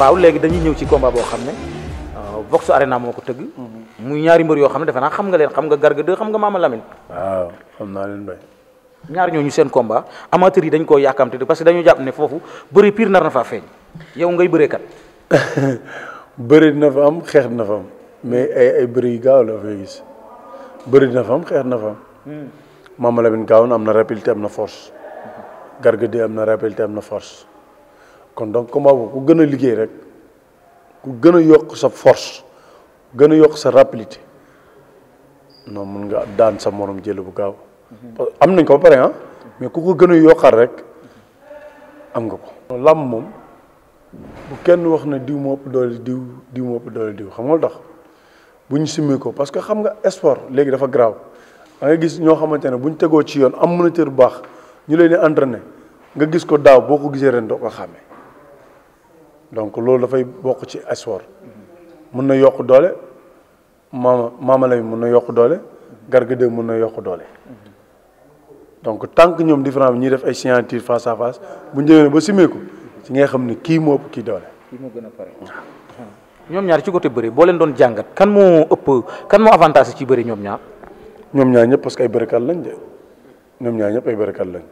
waaw léegi dañuy ñëw ci combat boo xam ne waaw euh, Vox Arena moo ko tëgg. Mm-hmm. muy ñaari mbër yoo xam ne defe naa xam nga leen xam nga Garga 2 xam nga Mama waaw xam naa leen bay. ñaar ñu seen combat amateur yi dañ koo yàkkamte parce que dañu jàpp ne foofu bëri piir nar na faa feeñ yow ngay bëree kat. bëri na fa am xeex na fa am mais ay bëri yu gaaw la na am xeex na fa am. Hmm. Mama Lamine gaaw na am na rapidité am na force. Hmm. Garga am na rapidité am na force. kon donc combat boobu ku gën a liggéey rek ku gën a yokk sa force gën a yokk sa rapidité non mun nga daan sa moroom jël bu gaaw mhm. am nañ ko ba pare ah. mais ku gën a yokkal rek am nga ko làmb moom bu kenn wax na diw moo ëpp doole diw diw moo doole diw xam nga lu tax bu ñu simmee ko parce que xam nga sport léegi dafa garaaw da nga gis ñoo xamante ne bu ñu tegoo ci yoon am moniteur bu baax ñu leen di entraîné nga gis ko daaw boo ko gisee ren doo ko xàmmee donc loolu dafay bokk ci sport mun na yokk doole maama maama lay mun na yokk doole garga de mun na yokk doole donc tant que ñoom différent bi ñuy def ay signature face à face bu njëwee ba simeeku ci ngay xam ne kii moo ëpp kii doole. kii moo gën a pare. ñoom ñaar ci côté bëri boo leen doon jàngat kan moo ëpp kan moo avantage ci bëri ñoom ñaar. ñoom ñaar ñëpp parce que ay bërëkat lañ de ñoom ñaar ñëpp ay bërëkat lañ.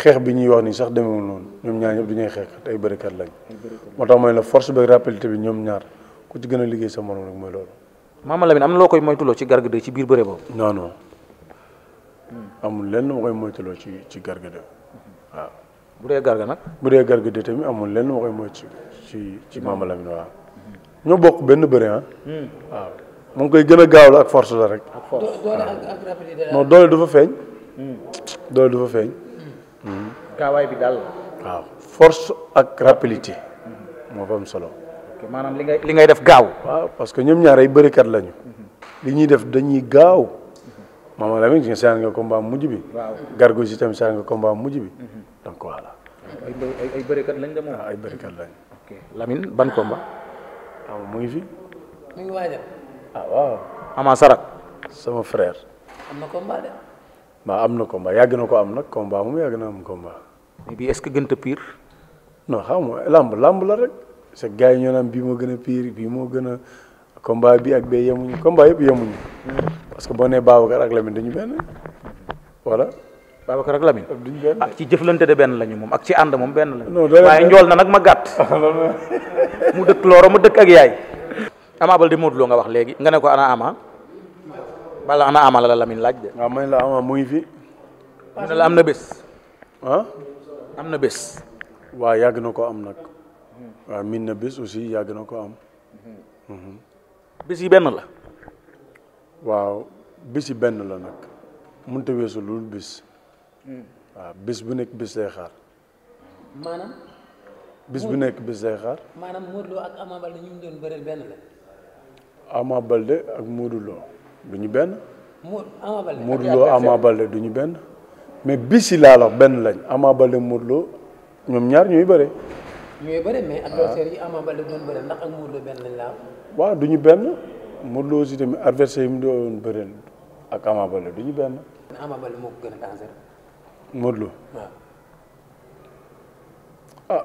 xeex bi ñuy wax nii sax demewul noonu ñoom ñaar ñëpp du ñuy xeexkat ay bërikat lañ moo tax mooy la force ba rapidité bi ñoom ñaar ku ci gën a liggéey sa morom rek mooy loolu Mama Lamine am na loo koy moytuloo ci Garga 2 ci biir bëre boobu hmm. lenn koy moytuloo ci ci Garga 2 hmm. waaw bu dee Garga nag bu dee Garga 2 tamit amul lenn ma koy moytu ci ci hmm. Mama Lamine waaw ñoo bokk benn bëre ah waaw ngi koy gën a gaaw la ak force la rek non doole du fa feeñ doole du fa feeñ gaawaay bi daal force ak rapidité. moo fa am solo. li ngay li ngay def gaaw. waaw parce que ñoom ñaar ay bërikat lañu. li ñuy def dañuy gaaw. maama Lamine si nga saan nga combat mujj bi. waaw gargo si tamit saan nga combat mujj bi. donc voilà. ay lañ de ah, ay bërikat lañ. ok ban combat. waaw ah, mu ngi fi. mu ngi ah, sama frère. maa am na combat yàgg na ko am nag combat moom yàgg na am combat. mais bii est-ce que gën a pire. non xam la rek c'est gars yi ñoo naan bii moo gën a bii moo gën a combat bi ak bee yemuñu combat yëpp parce que boo nee Babacar ak Lamine dañu benn voilà. Babacar ak ah, ci jëflante de benn lañu moom ak ci ànd moom benn lañu. waaye njool na nag ma gàtt. Ah, mu dëkk Loro mu dëkk ak yaay. Ama Baldé Modou Lo nga wax léegi nga ne ko ana Ama. bala ana ama la Lamine laaj de. waaw ah, man la ama mu fi. mu ne la am na bés. Ah? am na bés. waaw yàgg na ko am nag. waaw miin na bés aussi yàgg na ko am. Mhm. bés yi benn la. nag mënut a weesu loolu bés. waaw bés bu nekk bés lay xaar. maanaam. bés bu nekk bés lay xaar. maanaam Modou Lo ak Ama Balde ñu doon bëreel benn la. Ama Balde ak Modou Lo. du ñu benn. Modou Lo Ama Baldé du ñu benn. mais bis si laa la benn lañ Ama Baldé Modou Lo ñaar ñooy bëre. ñooy bëre mais adversaire yi benn lañ la waaw du ñu benn Modou Lo tamit adversaire yi mu doon bëre ak Ama Baldé du ñu benn. Ama moo ko ah.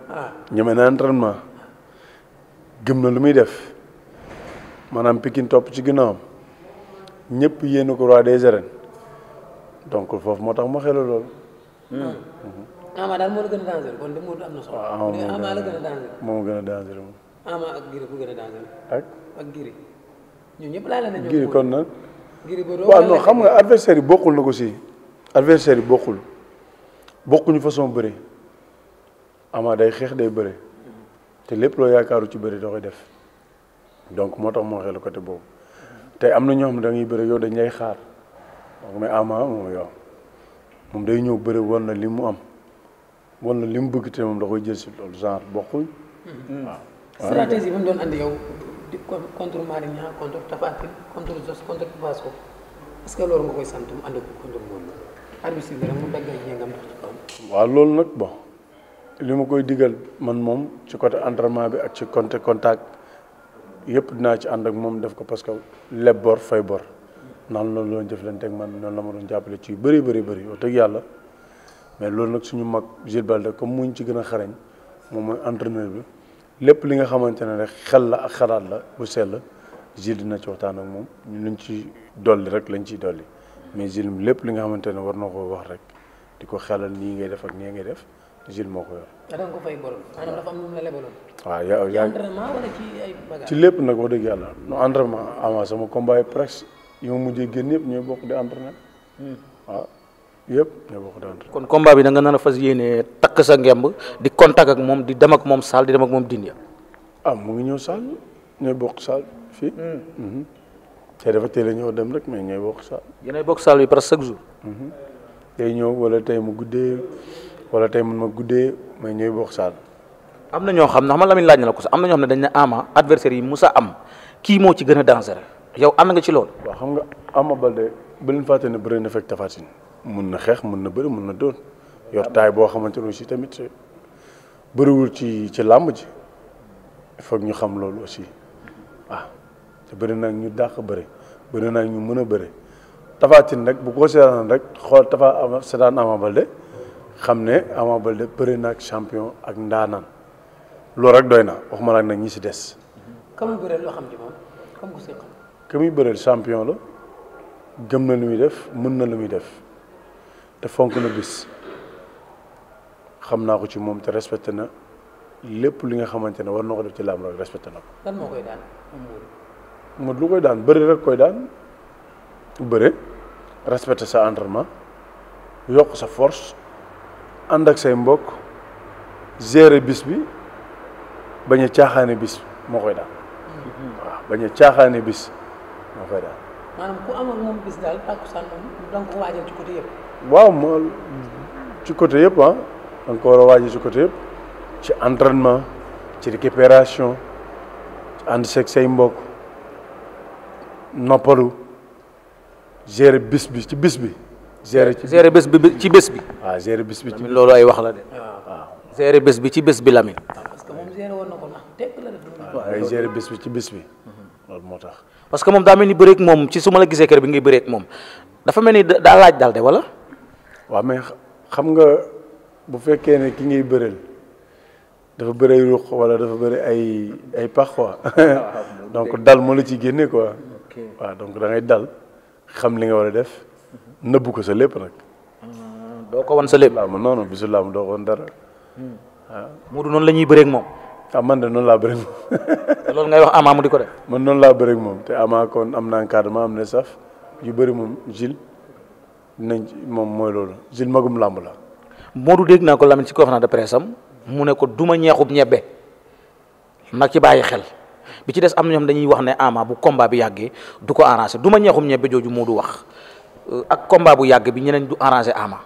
ñeme na entraînement gëm na lu muy def maanaam Pikine topp ci ginnaawam ñëpp yéen ko roi des arènes donc foofu moo tax ma xelu loolu. Ah. Ama daal moo la gën a dangereux kon de Modou am na solo. waaw ah, Ama la gën a dangereux. moom gën a dangereux moom. Ama ak Giri bu gën a dangereux. ak ak Giri. ñun ñëpp laa leen a Giri kon nag. Giri boobu waaw non xam nga adversaire yi bokkul na ko si. adversaire yi bokkul bokkuñu façon bëri. Ama day xeex day bëre te lépp loo yaakaaru ci bëri da koy def donc moo tax moo xelu côté boobu te am na ñoo xam ne da bëri yow dañ lay xaar mais Ama moom yow moom day ñëw bëri war na li mu am war na li mu bugg te moom da koy jël si loolu genre bokkuñ. Hmm. waaw hmm. stratégie bi doon andi yow contre Marignan contre Tapha contre Zos contre Basco est-ce loolu nga koy sant mu andi ko contre Mawla. arbitre bi loolu nag bon. li ma koy diggal man moom ci côté entraînement bi ak ci côté contact yëpp dinaa ci ànd ak moom def ko parce que leb bor fay bor naan loolu loon jëflante ak man noonu la ma jàppale ci yu bëri bëri bëri wax yàlla mais loolu nag suñu mag Jules Baldé comme muñ ci gën a xarañ moom mooy bi lépp li nga xamante ne rek xel la ak xalaat la bu sell Jules dina ci waxtaan ak moom ñu luñ ci dolli rek lañ ciy dolli mais Jules lépp li nga xamante ne war noo ko wax rek di ko xelal nii ngay def ak nii ngay def Gilles moo yaa ci lépp nag wax dëgg yàlla no entraînement avant sama combat yi presque yi ma mujjee génn yëpp ñooy bokk di entraîné hmm. waaw yëpp ñooy bokk di entraîné. kon combat bi da nga nar a fas yéene takk sa ngemb di contact ak moom di dem ak moom saal di dem ak moom dindi. ah mu ngi ñëw saal ñooy bokk saal fii. Hmm. Mhm. te dafa teel a ñëw dem rek mais ñooy bokk saal. yéenay bokk saal bi presque chaque jour. Mhm. day ñëw wala tey mu guddee. wala tey man ma guddee may ñooy bokk saal. am na ñoo xam ne xam nga Lamine laaj la ko sax am na ñoo dañ ne Ama adversaire yi Moussa am kii moo ci gën a dangereux yow am na nga ci loolu. waaw xam nga Ama Baldé ba leen fàtte ne bëri na fekk Tapha mun na xeex mun na bëri mun na doon yor taay boo xamante ne aussi tamit bëriwul ci ci làmb ji il ñu xam loolu aussi waaw ah, te bëri na ñu dàq bëri bëri na ñu mën a bëri Tapha Tine rek bu ko seetaan rek xool Tapha seetaan Ama Baldé xam ne Ama Baldé bëri na ak champion ak ndaanaan loolu rek doy na waxuma la nag ñi si des. ka muy bëreel loo xam ci moom comme ku bëreel la gëm na lu muy def mën na lu muy def te fonk na gis xam naa ko ci moom te respecté na lépp li nga xamante ne war na ko def ci làmb rek respecté na ko. lan moo lu koy daan bëri rek koy daan bëri sa entraînement yokk sa force. ànd ak say mbokk gérer bis bi bañ a bis moo koy daal waaw bañ caaxaane bis moo koy daal. ku am moom bis daal tàkkusaan moom da nga ko ci côté yëpp. waaw moo ci côté yëpp ah da ko war a waajal ci côté yëpp ci entraînement ci récupération ci ànd seeg say mbokk noppalu gérer bis bi ci bis bi. gérer ci gérer bés bi ci bés bi. waaw gérer bés bi ci loolu ay wax la de. Ah, waaw bés bi ci bés bi Lamine. Ah, parce que ko ndax bés bi ci bis bi. loolu moo tax. parce que moom daa mel ni bëreeg moom ci su ma la gisee kër bi ngay bëreeg moom dafa mel ni daa laaj daal de wala. waaw mais xam nga bu fekkee ne ki ngay bëreel dafa bëri ay ruq wala dafa bëri ay ay pax quoi ah, donc dal moo la ci génnee quoi. waaw donc da ngay dal xam li nga war a def. nëbbu ko sa lépp nag. Mm, doo ko wan sa lépp. waaw non non bisu làmb doo ko wan dara. waaw mm. Modou noonu la ñuy bëree moom. ah man de noonu laa bëri moom. loolu ngay wax Ama mu di ko def. man noonu laa bëri moom te Ama kon am na encadrement am na saf yu bëri moom Gilles dinañ moom mooy loolu Gilles magum làmb la. Modou dégg naa ko Lamine ci conférence de presse am mu ne ko duma ñeexub ñebbe nag ci bàyyi xel bi ci des am na ñoom dañuy wax ne Ama bu combat bi yàggee du ko du ma ñeexub ñebbe jooju Modou wax Euh, ak combat bu yàgg bi ñeneen du arrangé Ama.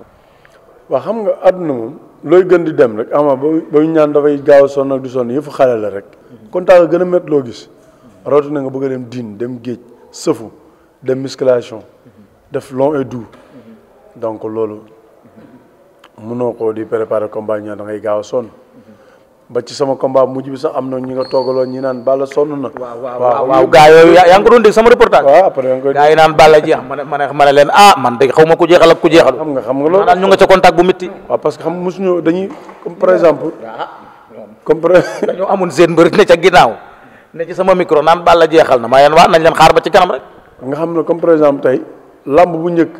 waa xam nga àdduna moom looy gën di dem rek Ama ba ba ñu ñaan dafay gaaw a sonn ak du sonn yëfu xale la rek kontaan nga gën a métti loo gis rawatina nga bëgg dem diin dem géej sëfu dem musculation def long et doux donc loolu mënoo ko di préparer combat ñaan da gaaw a sonn. ba ci sama combat mujj bi sax am na ñi nga toogaloon ñi naan Balla sonn na. waaw waaw waaw gaa yooyu yaa ngi ko doon dégg sama reportage. waaw naan Balla jeex ma ne ma ne leen ah man dégg ma ku jeexal ak ku jeexalu. xam nga xam nga loolu daal ñu nga ca contact bu métti. waaw parce que xam mosuñu dañuy ah, ah, amoon seen mbër ne ca ginnaaw ne ci micro naan Balla jeexal na maa nañ leen xaar ba ci kanam rek. xam ne comme par exemple tey lamb bu njëkk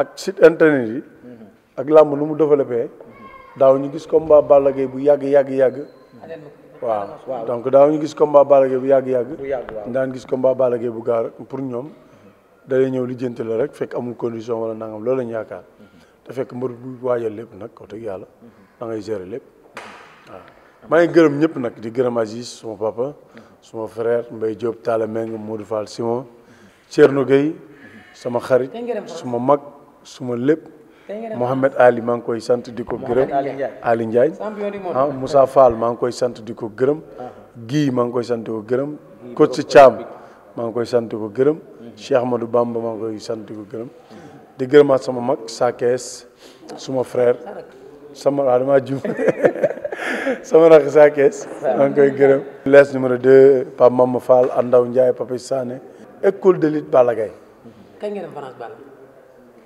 ak site internet yi mhm. ak lamb nu mu développé daaw ñu gis combat Balla Gaye bu yàgg yàgg yàgg. waaw donc daaw ñu gis combat Balla Gaye bu yàgg yàgg. bu daan gis combat Balla Gaye bu gaar pour ñoom. day ñëw lijjanti la rek fekk amul condition wala nangam loolu lañ yaakaar. te fekk mbër bu waaja lépp nag wax dëgg yàlla. da ngay lépp waaw. maa ngi gërëm ñëpp nag di gërëm Aziz suma papa. suma frère mbay Diop Talla Meng Modou Fall Simon. Thierno sama xarit suma mag suma lépp. Mohamed Ali maa ngi koy sant di ko gërëm Ali Ndiaye musa ah, Moussa Fall maa ngi koy sant di ko gërëm ah. gii maa ngi koy sant di ko gërëm Coach Thiam maa ngi koy sant ko gërëm Cheikh Ahmadou Bamba maa ngi koy sant ko gërëm di gërëmaat sama mag Sakees suma frère sama waaw damaa sama rakk Sakees maa ngi koy gërëm lees numéro 2 Pape Mama Fall Andaw Ndiaye Pape Sané école de lutte Balla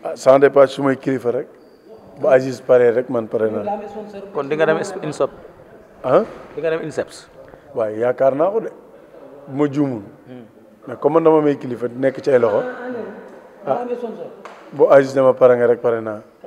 ah sans dépasse su may kilifa rek bu Aziz pare rek man pare naa. kon di nga dem INSEP. ah di waaye yaakaar naa ko de bu ma juumul. mais comme man dama may kilifa nekk ci ay loxo. ah bu ma pare nga rek pare naa.